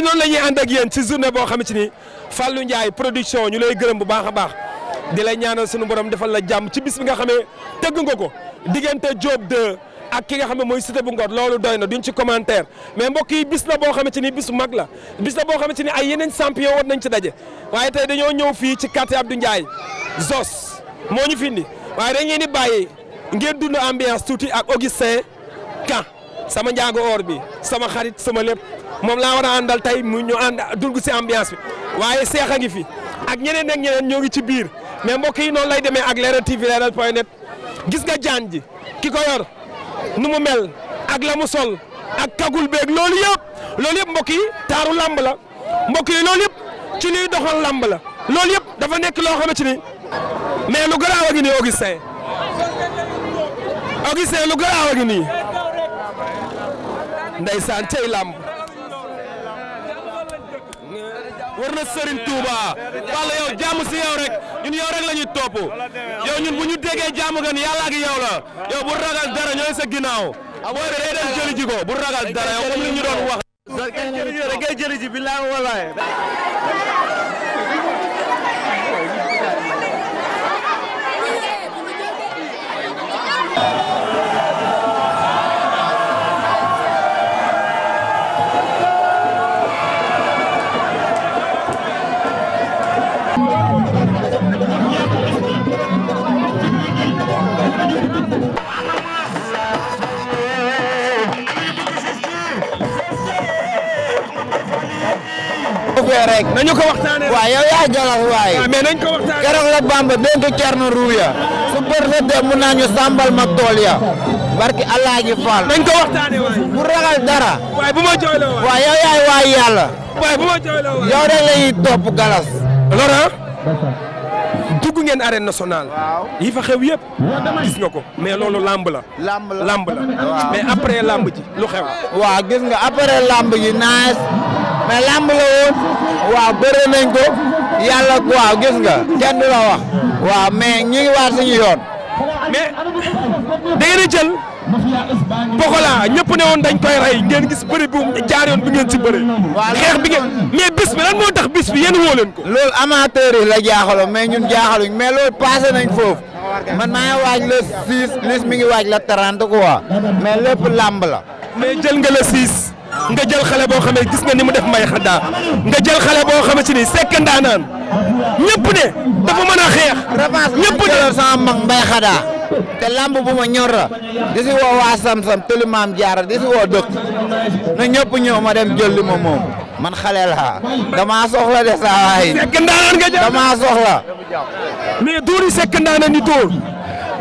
noonu la ñuy ànd ak yéen ci journée boo xamante ni Fallou Ndiaye production ñu lay gërëm bu baax a baax di la ñaanal sunu borom defal la jàmm ci bis bi nga xamee tëgg nga ko diggante Diop de ak ki nga xam ne mooy cité bu Ngor loolu doy na duñ ci commentaire mais mbokk yi bis na boo xamante ni bis mag la bis la boo xamante ni ay yeneen champion war nañ ci daje waaye tey dañoo ñëw fii ci quartier Abdou Ndiaye Zos moo ñu fi indi waaye dañ leen di bàyyi ngeen dund ambiance tuuti ak Augustin Ka sama njaago or bi sama xarit sama lépp moom laa war a àndal tey mu ñu ànd dugg si ambiance bi waaye seex a ngi fi ak ñeneen ak ñeneen ñoo ngi ci biir mais mbokk yi noonu lay demee ak Leral TV Leral point net gis nga jaan ji ki ko yor. nu mu mel ak la mu ak kagul beeg loolu yëpp loolu yëpp mbokk yi taaru làmb la mbokk yi loolu yëpp ci liy làmb la loolu yëpp dafa nekk loo xamante ni mais lu garaaw a ngi nii Augustin lu garaaw a ngi nii ndeysaan làmb war na Serigne Touba Balla yow jàmm si yow rek ñun yow rek la ñuy topp ñun bu ñu déggee jàmm gan yàlla ak la yow bu ragal dara ñooy sa ginnaaw booy bi day dem jëli ji ko bu ragal dara yow comme li doon wax. ji da ngay jëli rek. nañu ko waxtaanee rek ah, keroog la Bamba dénk Cerno Ruuya. su dem mun sàmbal ma tool ya. barki Alaaji Fall. nañu ko waxtaanee waay. bu ragal dara. waay bu ma jooyloo waay. waaw yow yaay waay yàlla. waay bu ma jooyloo waay. yow rek la ñuy topp galas. Laurent. dugg ngeen arène nationale. waaw yi fa xew yëpp. gis nga ko mais loolu lamb la. lamb la mais après lamb ji lu xew. waaw gis nga après lamb ji naaj. mais làmb la woon waaw bëre nañ ko yàlla waaw gis nga kenn du la wax mais ñi ngi waat suñu yoon. mais da Pokola ñëpp ne woon dañ koy rey ngeen gis bëri bu jaar yoon bi ngeen ci bëri. waaw bi ngeen mais bis bi lan moo tax bis bi yéen woo leen ko. loolu amateur yi la jaaxaloon mais ñun jaaxaluñ mais loolu passé nañ foofu man maa ngi waaj le mi ngi waaj la 30 quoi mais lépp làmb la. mais jël nga le nga jël xale boo xamee gis nga ni mu def mbay xaddaa nga jël xale boo xamee si ni sekk ndaanaan ñëpp ne dafa mën a xeex. ñëpp ne revanche sama mag mbay te lamb bu ma ñor la di si woo waa Samsam tëli jaara di si dëkk na ñëpp ñëw ma dem jël li ma moom man xale laa damaa soxla de saa waay. sekk ndaanaan nga jël damaa soxla. mais duuri ndaanaan ni dóor.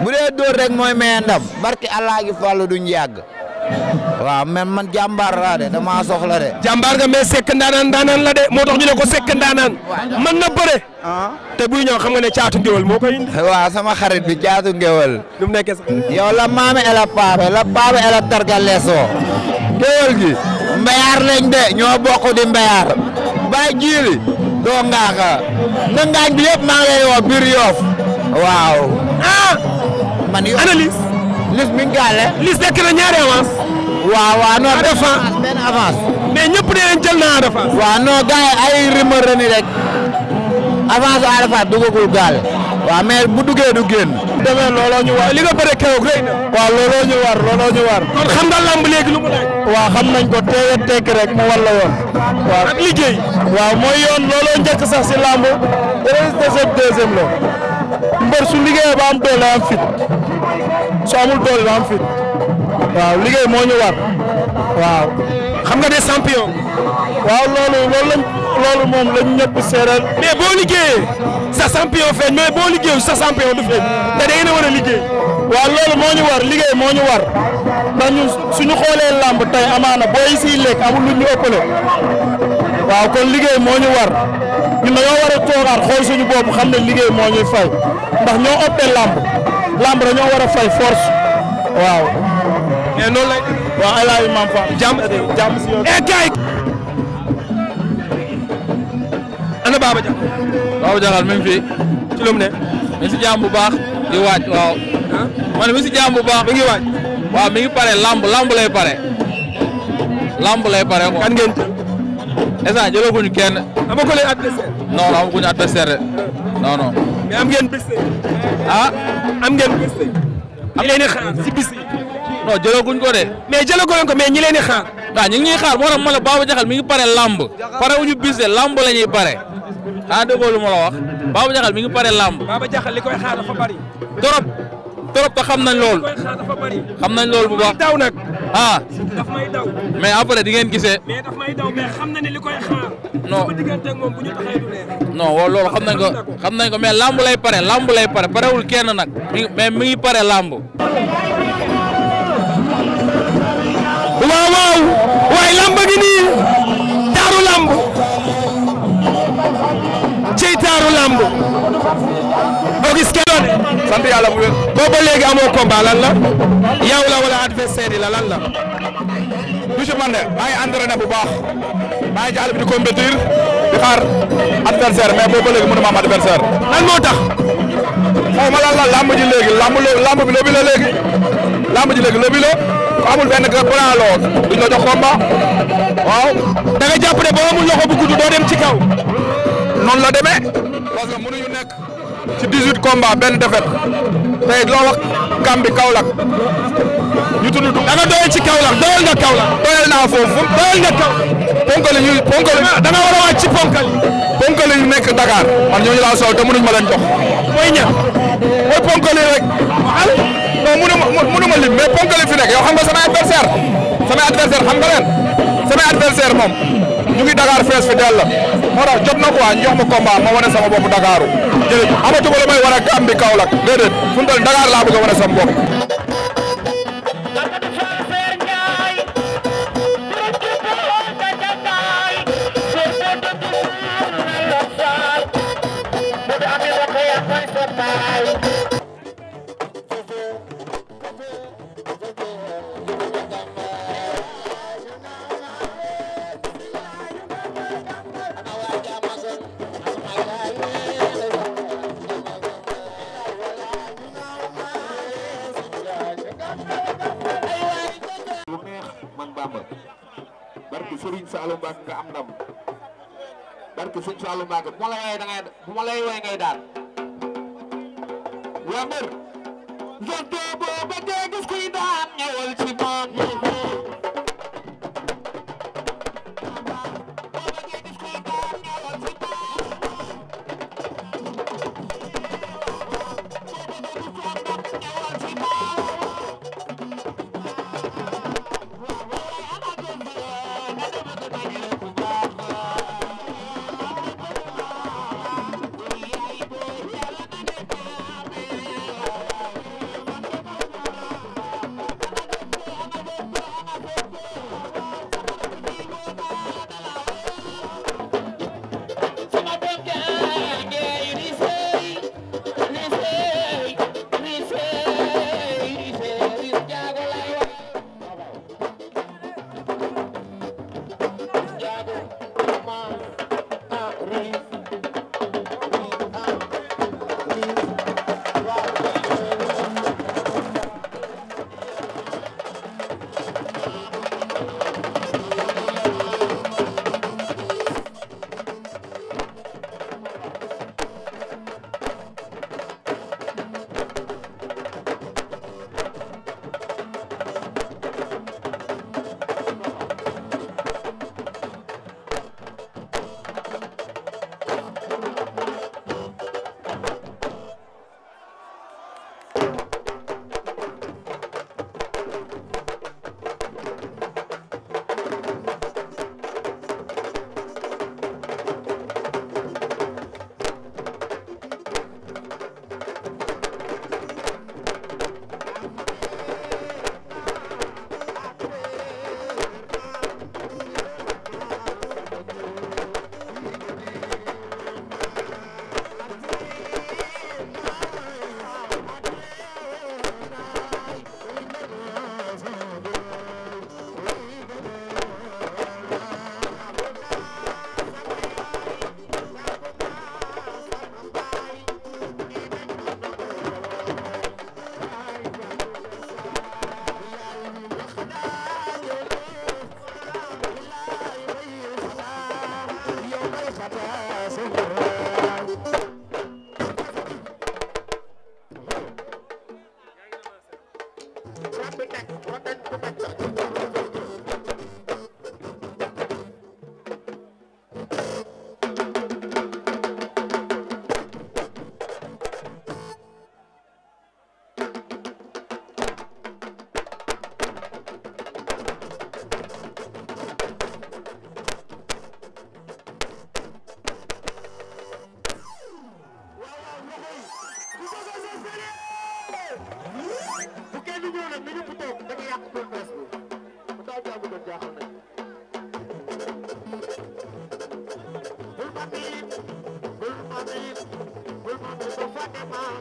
bu dee dóor rek mooy may ndam barki allah gi fàllu duñ yàgg. waaw man man jàmbaar laa de damaa soxla de. jàmbaar nga sekk ndaanaan ndaanaan la de moo tax ñu ne ko sekk ndaanaan. man na bëre. Ah. te buy ñëw xam ne caatu ngéwél moo koy indi. sama xarit bi caatu ngéwél. nu mu nekkee sax. yow la maame ela la paabe ela ngéwél gi. mbayaar lañ de ñoo bokk di mbayaar. bay jiili. doo ngaaka. na ngaañ bi yëpp maa ngi biir yoof. waaw. ah. man yoof analyse. lis mi ngi gàlle. lis nekk na ñaari waa waaw non défense benn avance. ay rumeur la ni rek avance Ada Fass gaal. waaw mais bu duggee du génn. demee looloo ñu war li nga bëre keroog rek. kon xam nga lamb léegi lu mu laaj. waaw xam lamb. deuxième deuxième la. mbër su liggéeyee ba doole am fit. su doole ba fit. waaw liggéey moo ñu war waaw. xam nga ne champion. waaw loolu loolu lañ loolu moom lañ ñëpp seeral. mais boo liggéeyee sa champion feeñ mais boo liggéeyul sa champion du feeñ te da ngeen a war a liggéey. waaw loolu moo ñu war liggéey moo ñu war ndax suñu xoolee làmb tey amaana booy siy lekk amul lu ñu ëppale. waaw kon liggéey moo ñu war ñun dañoo war a toogaat xool suñu bopp xam ne liggéey moo ñuy fay ndax ñoo ëppee làmb làmb dañoo war a fay force waaw. mais noonu lay waaw El Hadj Mame Fall jàmm jàmm si yow kay eh, ana Baba Diakhal Baba Diakhal mi ngi fi ci lu mu si jàmm bu baax di waaj waaw man mi si jàmm bu baax mi ngi waaj waaw mi ngi pare lamb lamb lay pare lamb lay pare quoi kan ngeen jël instant jëlaguñu kenn amagu leen adversaire non non amaguñu adversaire non non jëlaguñ ko de. mais jëlaguñ ko mais ñi leen di xaar. waaw ñu ngi ñuy xaar moo tax ma ne Baba Jaxal mi ngi pare lamb pare wuñu bis lamb la ñuy pare xanaa déggoo lu ma la wax Baba Jaxal mi ngi pare lamb. Baba Jaxal li koy xaar dafa bari. xam nañ lool. xam nañ lool bu baax daw nag. ah. daf may daw. mais ngeen gisee. mais daf may na ko xam nañ ko mais lamb lay pare lamb lay pare parewul kenn nag. mais mi ngi pare lamb. waaw waaw waaye lamba gi nii taaru lamb ci taaru lamb boo gis kenn doon sant yàlla bu wér amoo combat lan la yow la wala adversaire yi la lan la du ci man bu baax maa ngi ci àll bi xaar adversaire mais boo ba léegi mënuma am adversaire lan moo tax xaw ma lan la lamb ji léegi lamb lamb bi lobi ko amul benn plan lool duñ la jox combat waaw. da nga jàpp ne boo mu loxo bu gudd dem ci kaw. noonu la demee parce que mënuñu nekk ci 18 combat benn defet tey loo wax Gambie Kaolack ñu tudd da nga doyal ci Kaolack doyal nga Kaolack doyal naa foofu doyal nga kaw ponkali ñuy ponkali da nga war a wàcc ci ponkali ponkali ñu nekk Dakar a ñooñu laa sol te mënuñ ma leen jox mooy ña mooy ponkali rek non mënu ma mënu ma lim mais ponkali fi nekk yow xam nga samay adversaire samay adversaire xam nga leen samay adversaire moom ñu ngi Dakar fees fi dell la moo wane sama bopp Dakaru jërëjëf amatuma la may war a Gàmbi Kaolack déedéet laa bëgg a wane sama Mbàkke nga am ndam barke sëñ Saalu Mbàkke bu ma la wooyee da ngay bu ma lay wooyee ngay daan waa mbër jonto booba dégg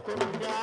kunja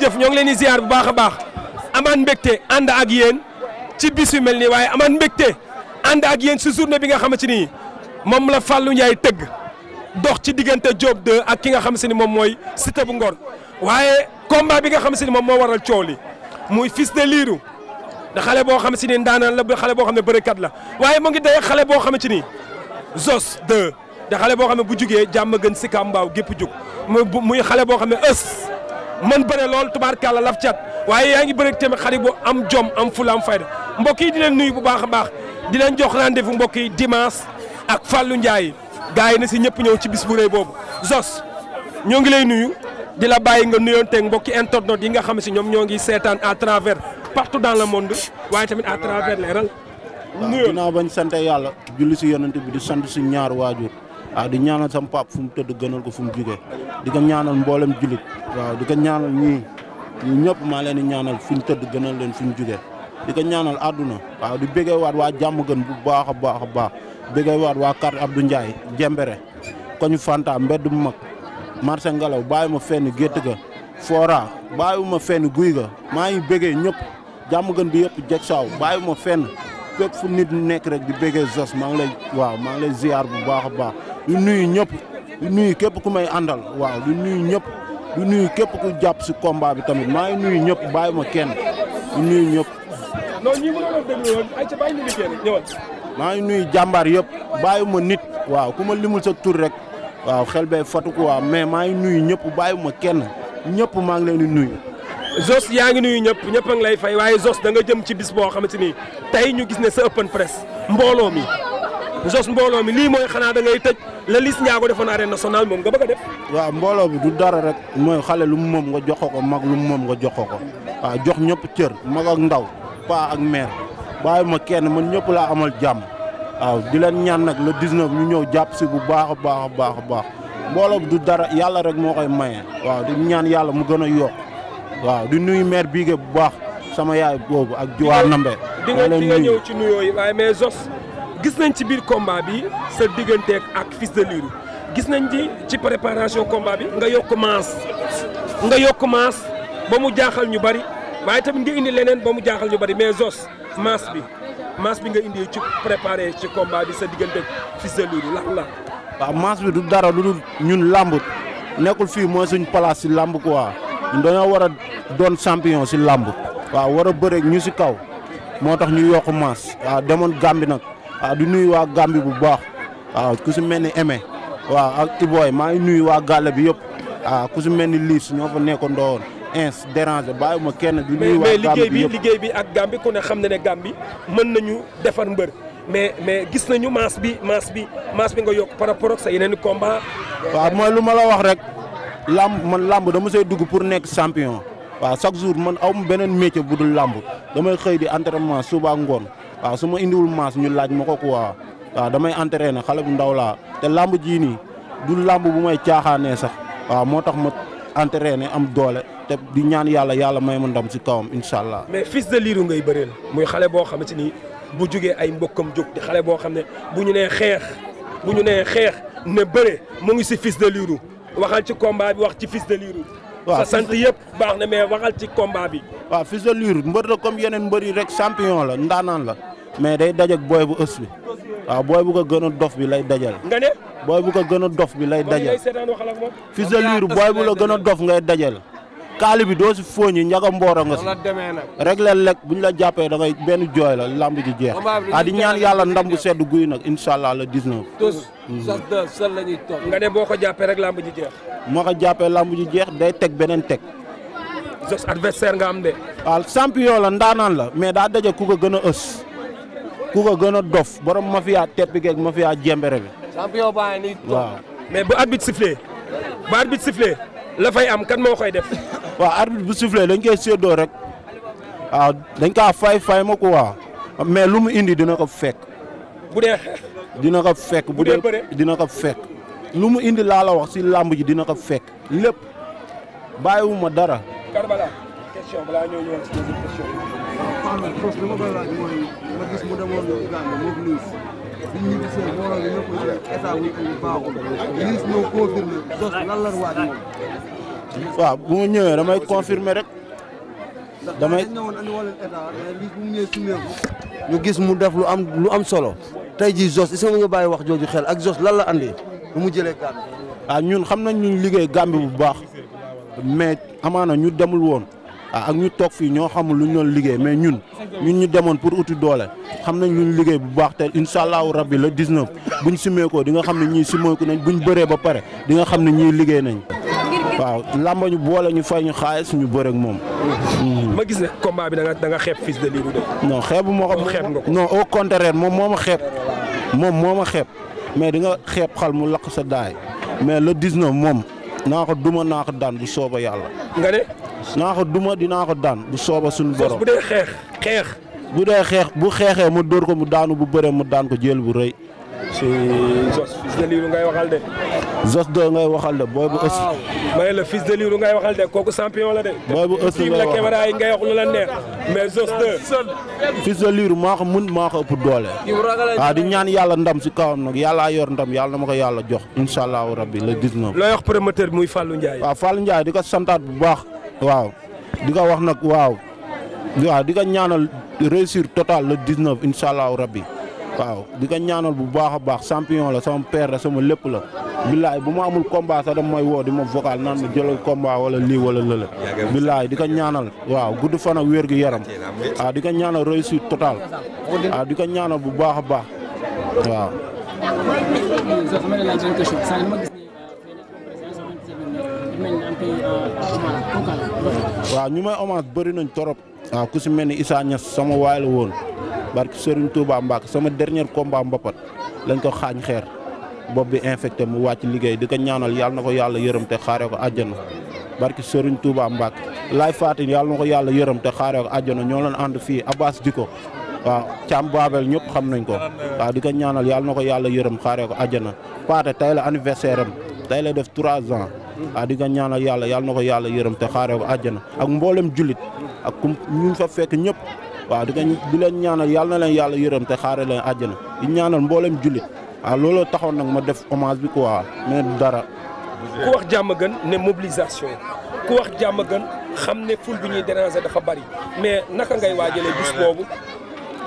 jëf ñoo ngi leen di ziar bu baax a baax amaan mbégte ànd ak yéen ci bis yu mel nii waaye amaan mbégte ànd ak yéen si journée bi nga xamante ni moom la Fallou Ndiaye tëgg dox ci diggante Diop 2 ak ki nga xam se ni moom mooy Siteu bu Ngor waaye combat bi nga xam se ni moom moo waral coow li muy fils de Lirou da xale boo xam si ni ndaanaan la xale boo xam ne bërëkat la waaye mu ngi day xale boo xam ni Zos 2 da xale boo xam ne bu jugee jàmm gën si kàmbaaw gépp jug muy xale boo xam ne ës man bëre lool tubaarkàlla laf cat waaye yaa ngi bëre teme xarit bu am jom am fula am fayda mbokk yi di leen nuyu bu baax a baax di leen jox rendez-vous mbokk yi dimanche ak Fallou Ndiaye gars yi na si ñëpp ñëw ci bis bu rëy boobu Zos ñoo ngi lay nuyu di la bàyyi nga nuyonteeg mbokki internautes yi nga xam si ñoom ñoo ngi seetaan à travers partout dans le monde waaye tamit à travers Leral. nuyoo waaw dinaa bañ sante yàlla. julli si yonent bi di sant si ñaar waajur. waaw di ñaanal sama pap fu mu tëdd gënal ko fu mu jugee di ko ñaanal mboolem jullit waaw di ko ñaanal ñii ñii ñëpp maa leen di ñaanal fu ñu tëdd gënal leen fu ñu jugee di ko ñaanal àdduna waaw di bëggee waat waa jàmm gën bu baax a baax a baax bëggee waat waa carte Abdou Ndiaye Jembere koñu fantaa mbedd mu mag marché ngelaw bàyyi ma fenn gétt ga foora ma fenn guy ga maa ngi bëggee ñëpp jàmm gën bi yëpp jeg saaw bàyyiwuma fenn fépp fu nit nekk rek di bëggee Zoss maa ngi lay waaw maa ngi lay bu baax a baax di nuyu ñëpp di nuyu képp ku may àndal waaw lu nuyu ñëpp lu nuyu képp ku jàpp si combat bi tamit maa ngi nuyu ñëpp bàyyi ma kenn di nuyu ñëpp. non ñi mënoon a déglu woon ayca bàyyi ñu liggéey rek maa ngi nuyu jàmbaar yëpp bàyyi ma nit. waaw ku ma limul sa tur rek. waaw xel bee fatu ko waaw mais maa ngi nuyu ñëpp bàyyi ma kenn ñëpp maa ngi leen di nuyu. Zos yaa ngi nuyu ñëpp ñëpp a lay fay waaye Zos da nga jëm ci bis boo xamante ni tey ñu gis ne sa open press mbooloo mi jos mbooloo mi lii mooy xanaa da ngay tëj la Liss Ndiago defoon arène nationale moom nga bëgg a def. waaw mbooloo bi du dara rek mooy xale lu mu moom nga jox ko mag lu mu moom nga jox ko waaw jox ñëpp cër mag ak ndaw paa ak meer bàyyi ma kenn man ñëpp laa amal jàmm waaw di leen ñaan nag le 19 ñu ñëw jàpp si bu baax a baax a baax a baax mbooloo du dara yàlla rek moo koy maye waaw di ñaan yàlla mu gën a yokk waaw di nuyu mère Bigué bu baax sama yaay boobu ak. jiwaa gis nañ ci biir combat bi sa digganteeg ak Fils de Lirou gis nañ ci ci préparation combat bi nga yokk maas nga yokk maas ba mu jaaxal ñu bari waaye tamit nga indi leneen ba mu jaaxal ñu bari mais Zoss maas bi maas bi nga indi ci préparé ci combat bi sa digganteeg Fils de Lirou lan la. waaw maas bi du dara lu dul ñun làmb nekkul fii mooy suñ place si làmb quoi ñun dañoo war a doon champion si làmb waaw war a bëre ñu si kaw moo tax ñu yokk maas waa demoon Gàmbi nag. waaw di nuyu waa Gambie bu baax waaw ku si mel ni Aimé waaw ak Iboy maa ngi nuyu waa gale bi yëpp waaw ku si mel ni Liis ñoo fa nekkoon doon ins déranger bàyyi ma kenn di nuyu waa Gambie bi yëpp liggéey bi ak Gambie ku ne xam ne ne Gambie mën nañu defar mbër mais mais gis nañu masse bi masse bi masse bi nga yokk par rapport ak sa yeneen i combat waaw mooy lu ma la wax rek làmb man làmb dama see dugg pour nekk champion waa chaque jour man aw beneen métier bu dul làmb damay xëy di entraînement suba ngoon waaw su ma indiwul maas ñu laaj ma ko waa waaw damay entraîné xale bu ndaw laa te làmb jii nii du làmb bu may caaxaanee sax waaw moo tax ma entraîné am doole te di ñaan yàlla yàlla may ma ndam si kawam incha allah. mais fils de Lirou ngay bëreel muy xale boo xamante ni bu jugee ay mbokkam jóg di xale boo xam ne bu ñu nee xeex bu ñu nee xeex ne bëre mu ngi si fils de Lirou waxal ci combat bi wax ci fils de Lirou. waaw sant yëpp baax na mais waxal ci combat bi. waaw fils de mbër comme yeneen mbër yi rek champion la ndaanaan la. mais day dajak booy bu ës bi booy bu ko gën a dof bi lay dajal. nga ne booy bu ko gën a dof bi lay dajal. fii sa liir booy bu la gën a dof ngay dajal. kaali bi doo si fooñi ñaga mbooro nga si rek la lekk bu ñu la jàppee da ngay benn jooy la lamb ji jeex ah di ñaan yàlla ndam bu sedd guy nag incha allah mm. la ñuy toog boo ko jàppee rek lamb ji jeex. moo ko jàppee lamb ji jeex day teg beneen teg. jos adversaire nga am de. waaw la ndaanaan la mais daa daje ku ko gën a ës. ku ko gën a dof borom mafia teppi geeg mafia jembere bi. champion baa ngi nii waaw mais bu arbitre sifflé bu arbitre sifflé lafay am kan moo koy def. waaw arbitre bu sifflé dañ koy séddoo rek waaw dañ kaa fay fay ma ko waaw mais lu mu indi dina ko fek bu dee dina ko fekk bu dee dina ko fekk. lu mu indi laa la wax si làmb ji dina ko fekk lépp bàyyiwuma dara. question balaa ñoo waaw ñoo confirmé Zoss damay confirmer rek. ñu gis mu def lu am lu am solo tey jii Zoss est-ce que wax jooju xel ak Zoss lan la andi lu mu jëlee Gambie. ah ñun xam nañ ñu liggéey Gambie bu baax mais amaana ñu demul woon Ah, ak ñu toog fii ñoo xamul lu ñu doon liggéey mais ñun ñun ñu demoon pour uti doole xam nañ lu ñu liggéey bu baax te incha allahu rabbi le bu buñ simeekoo di nga xam ne ñii simeeku nañ buñ bëree ba pare dinga xam ne ñii liggéey nañ. waaw làmba ñu boole ñu fay ñu xaalis ñu bëre ak moom. Hmm. ma gis ne combat bi da nga da nga de Lirou de. non xeebu moo ko nga ko non au contraire moom moo ma xeeb moom moo ma xeeb mais di nga xeeb xal mu lakk sa daay mais le 19 moom. naa ko duma naa ko daan bu sooba yàlla. nga ne. naa ko duma dinaa ko daan bu sooba suñu boro bu dee xeex xeex. bu dee xeex bu xeexee mu dóor ko mu daanu bu bëree mu daan ko jël bu rëy. si sos fii ngay waxal de. Zoss do ngay waxal de booy bu ëstu. may la fils de Lirou ngay waxal de kooku champion la de. booy bu ëstu ngay waxal caméra wax lu la neex mais Zoss de. fils de Lirou maa mun maa ëpp doole. waaw di ñaan yàlla ndam si kawam nag yàllaa yor ndam yàlla na ma ko yàlla jox incha allahu rabbi le 19. looy wax promoteur muy Fallou Ndiaye. waaw Fallou Ndiaye di ko santaat bu baax. waaw di ko wax nag waaw. waaw di ko ñaanal réussir total le 19 incha allahu rabbi waaw di ka ñaanal bu baax a baax champion la sama père sama lépp la. billaay bu ma amul combat sax dama woo di ma vocal naan ma jëlal combat wala lii wala lële. billaay di ko ñaanal. waaw gudd fan ak wér yaram. waaw ah, di ko ñaanal réussite totale. waaw ah, di ko ñaanal bu baax a baax waaw. ñu may hommage bëri nañ torop waaw ah, ku si mel ni Issa Niass sama waay la woon. barke Serigne Touba Mbacke sama dernier combat mbapat lañ ko xaañ xeer bopp bi infecté mu wàcc liggéey di ko ñaanal yàlla na ko yàlla yërëm te xaaree ko àjjana barke Serigne Touba Mbacke laay faatin yàlla na ko yàlla yërëm te xaaree ko àjjana ñoo leen ànd fii Abbas di ko waaw Thiam Babel ñëpp xam nañ ko waaw di ko ñaanal yàlla na ko yàlla yërëm xaaree ko àjjana Paate tey la anniversaire am tey la def trois ans waaw di ñaanal yàlla yàlla na ko yàlla yërëm te xaaree ko àjjana ak mboolem jullit ak ñu fa waaw di ngeen di leen ñaanal yàlla na leen yàlla yërëm te xaaraleen leen àjjana di ñaanal mboolem jullit a looloo taxoon nag ma def hommage bi quoi mais dara. ku wax jàmm gën ne mobilisation ku wax jàmm gën xam ne ful bi ñuy déranger dafa bari mais naka ngay waajalee bis boobu.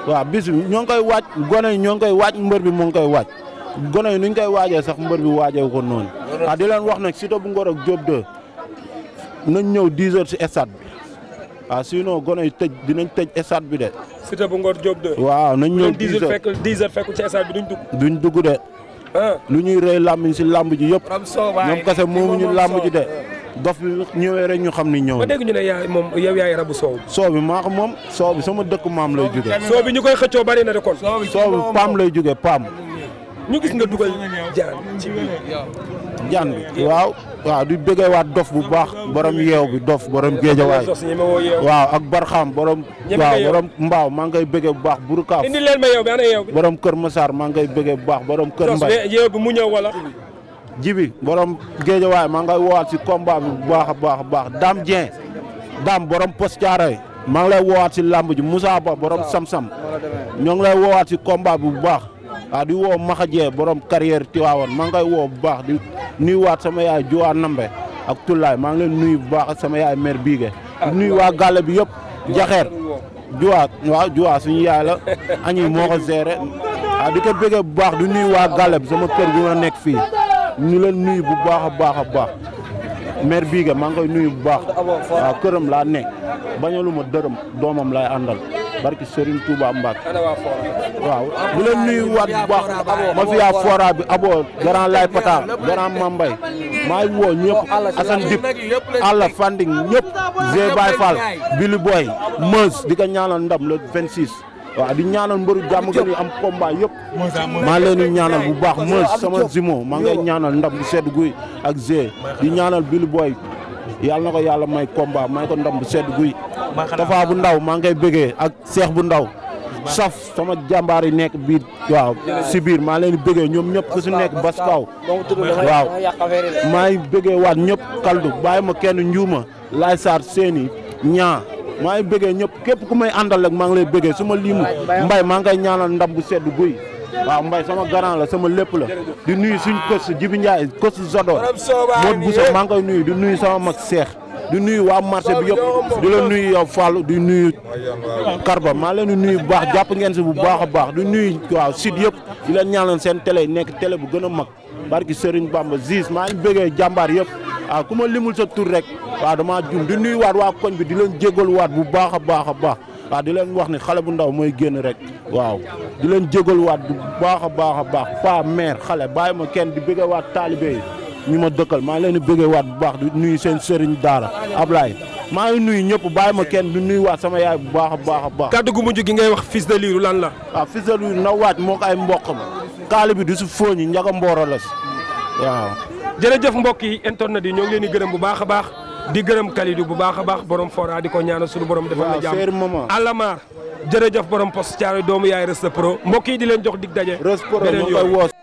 waaw bis ñoo ngi koy waaj gone yi ñoo ngi koy waaj mbër bi moo ngi koy waaj gone yi nuñ koy waajee sax mbër bi waajee ko noonu. waaw wax nañ Siteu bu Ngor ak nañ ñëw 10 heures ci stade ah sinon gone yi tëj dinañ tëj stade bi de. Cité bu Ngor Diop de. waaw nañ ñëw 10 heures fekk ci stade bi duñ dugg. duñ dugg de. Ah. lu ñuy rey làmb si làmb ji yëpp. ñoom moom moomuñu làmb ji de. dof bi ñëwee rek ñu xam ni ñëw. ma dégg ñu ne yaay moom yow yaay rabu soow. soow bi maa ko moom soow bi sama dëkk maam lay jugee. soow bi ñu koy xëccoo bari na de kon. soow bi paam lay jugee paam. ñu gis nga dugal jaan. jaan bi waaw. waaw di bëggewaat dof bu baax borom yeew bi dof borom géejawaay waa ak barxaam borom waaw borom mbaaw maa ngay bëgge bu baax burukaaf borom kër Masaar maa ngay bëgge bu baax borom kër mbay yeew bi mu ñëw wala jibi borom géejawaay maa ngay woowaat si combat bi bu baax a baax a baax Dame Dieng Dame borom pos caaray maa ngi lay woowaat si làmb ji Moussa Ba borom sam-sam ñoo ngi lay woowaat si combat bi bu baax waaw ah, di woo Maxa Jee borom carrière Tiwaawan maa ngi koy woo bu baax di waat sama yaay Jowa Nambe ak Tullaay maa ngi leen nuyu bu baax sama yaay mère Biige di ah, nuyu waa gàlle bi yëpp jaxeer Jowa waaw Jowa suñu yaay la añi moo ko géré waaw ah, di ko bëggee bu baax di nuy waa gàlle bi sama kër gi ma nekk fii ñu leen nuy bu baax a baax a baax mère Biige maa ngi koy nuyu bu baax waaw këram laa nekk bañalu ma dërëm doomam lay àndal barki Serigne Touba Mbacke waaw bu waat bu baax ma fiyaa fora bi abo grand lay pata grand mambay maay woo ñëpp Assane Dip àlla Fanding ñëpp Zé Baye Fall Billy Boy Meuse di ko ñaanal ndam le 26 waaw di ñaanal mbëru jàmm gën am combat yëpp maa leen di ñaanal bu baax Meuse sama zimo maa ngay ñaanal ndam bu sedd guy ak Zé di ñaanal Billy Boy yàlla na ko yàlla may combat may ko ndam bu sedd guy. Tapha bu ndaw maa ngi koy bëggee ak Seex bu ndaw. saf sama jàmbaar yi nekk biir waaw si biir maa leen bëggee ñoom ñëpp ku si nekk bas kaw waaw maa ngi bëggee waat ñëpp kaldu bàyyi ma kenn njuuma laay saar seeni ñaa maa ngi bëggee ñëpp képp ku may àndal rek maa ngi lay bëggee suma ma liimu mbay maa ngi koy ñaanal ndam bu sedd guy waaw Mbaye sama garant la sama lépp la di nuyu suñ kës Jibi Ndiaye kës Zodo Modou Bousso maa ngi koy nuyu di nuyu sama mag Seex di nuyu waa marché bi yëpp di la nuyu yow Fall di nuyu Karba maa leen di nuyu bu baax jàpp ngeen si bu baax a baax di nuyu waa site yëpp di leen ñaanal seen télé nekk télé bu gën a mag barki Serigne Bamba Ziz maa ngi bëggee jàmbaar yëpp waaw ah, ku ma limul sa tur rek waa damaa jum di nuyu waat waa koñ bi di leen jégalu waat bu baax a baax a baax waaw di leen wax ni xale bu ndaw mooy génn rek waaw di leen waat bu baax a baax a baax pa mère xale bàyyi ma kenn di bëggewaat taalibe yi ñu ma dëkkal maa ngi leen di bëggewaat bu baax di nuyu seen sëriñ daara laay maa ngi nuyu ñëpp bàyyi ma kenn di nuyuwaat sama yaay bu baax a baax baax. kàddu gu mujj gi ngay wax fils de Lirou lan la. waaw fils de Lirou na waaj moo ko ay mboq ma kaali bi du si fooñi njaga mbooro la si waaw. jërëjëf mbokk yi internet yi ñoo leen di gërëm bu baax a baax. di gërëm Kalidou bu baax a baax borom fora di ko ñaanal suñu borom defal na jàmm alamar jërëjëf borom post Thiaroye doomu yaay Rës mbokk yi di leen jox dig daje beneen yoon